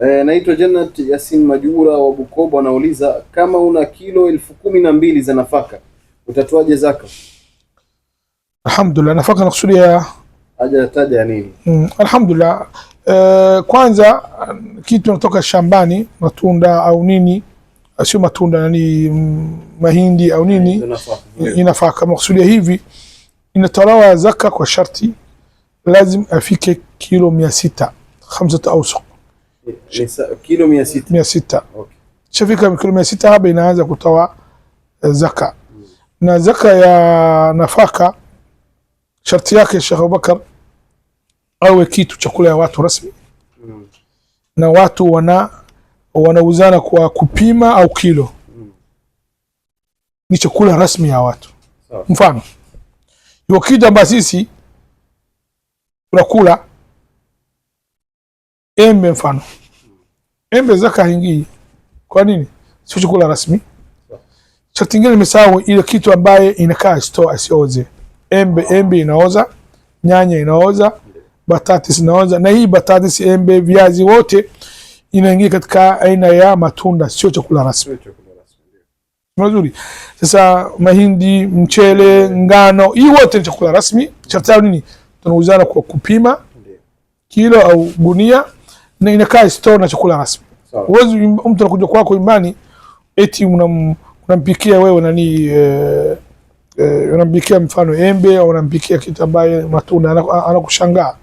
E, naitwa Janet Yasin Majura wa Bukoba, anauliza kama una kilo elfu kumi na mbili za nafaka utatoaje zaka? Alhamdulillah, nafaka nakusudia hajataja nini? Mm, alhamdulillah. E, kwanza kitu natoka shambani matunda au nini, ah, sio matunda nani, mm, mahindi au nini, inafaka makusudia hivi, inatolewa zaka kwa sharti lazim afike kilo mia sita hamsata ausuq kilo mia sita mia sita okay. Shafika kilo mia sita haba inaanza kutoa eh, zaka Na zaka ya nafaka sharti yake Sheikh Abubakar awe kitu chakula ya watu rasmi mm. Na watu wana wanauzana kwa kupima au kilo mm. Ni chakula rasmi ya watu okay. Mfano hiyo kitu ambayo sisi tunakula embe mfano Embe zaka haingii. Kwa nini? Sio chakula rasmi. Chakula kingine nimesahau ile kitu ambaye inakaa store asioze. Embe embe inaoza, nyanya inaoza, batatis inaoza na hii batatis, embe, viazi wote inaingia katika aina ya matunda, sio chakula rasmi. Mazuri. Sasa mahindi, mchele, ngano, hii wote ni chakula rasmi. Chakula nini? Tunauzana kwa kupima kilo au gunia na inakaa store na chakula rasmi. Huwezi mtu anakuja kwako imani eti unampikia wewe nani e, e, unampikia mfano embe au unampikia kitu ambaye matunda anakushangaa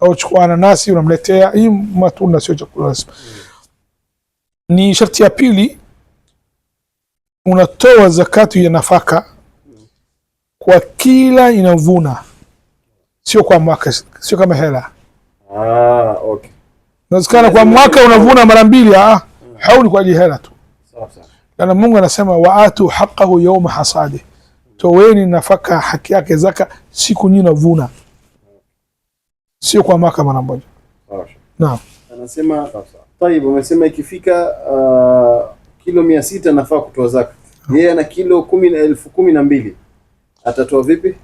au chukua nanasi unamletea. Hii matunda sio chakula rasmi. Mm. Ni sharti ya pili, unatoa zakatu ya nafaka mm. kwa kila inavuna, sio kwa mwaka, sio kama hela. Ah, okay. Nasikana kwa mwaka unavuna mara mbili, ah, hauli kwa ajili hela tu. Sawa yaani Mungu anasema waatu haqqahu yawma hasadi. Toweni nafaka haki yake zaka siku nyingi unavuna. Sio kwa mwaka mara moja. Naam. Anasema Taib umesema ikifika uh, kilo 600 nafaa kutoa zaka. Yeye yeah, ana kilo 10,012. Atatoa vipi?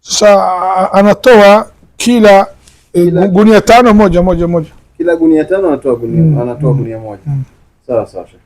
Sasa anatoa kila, eh, kila gunia tano moja moja moja kila gunia tano anatoa gunia, mm. anatoa gunia moja. Mm. Sawa sawa.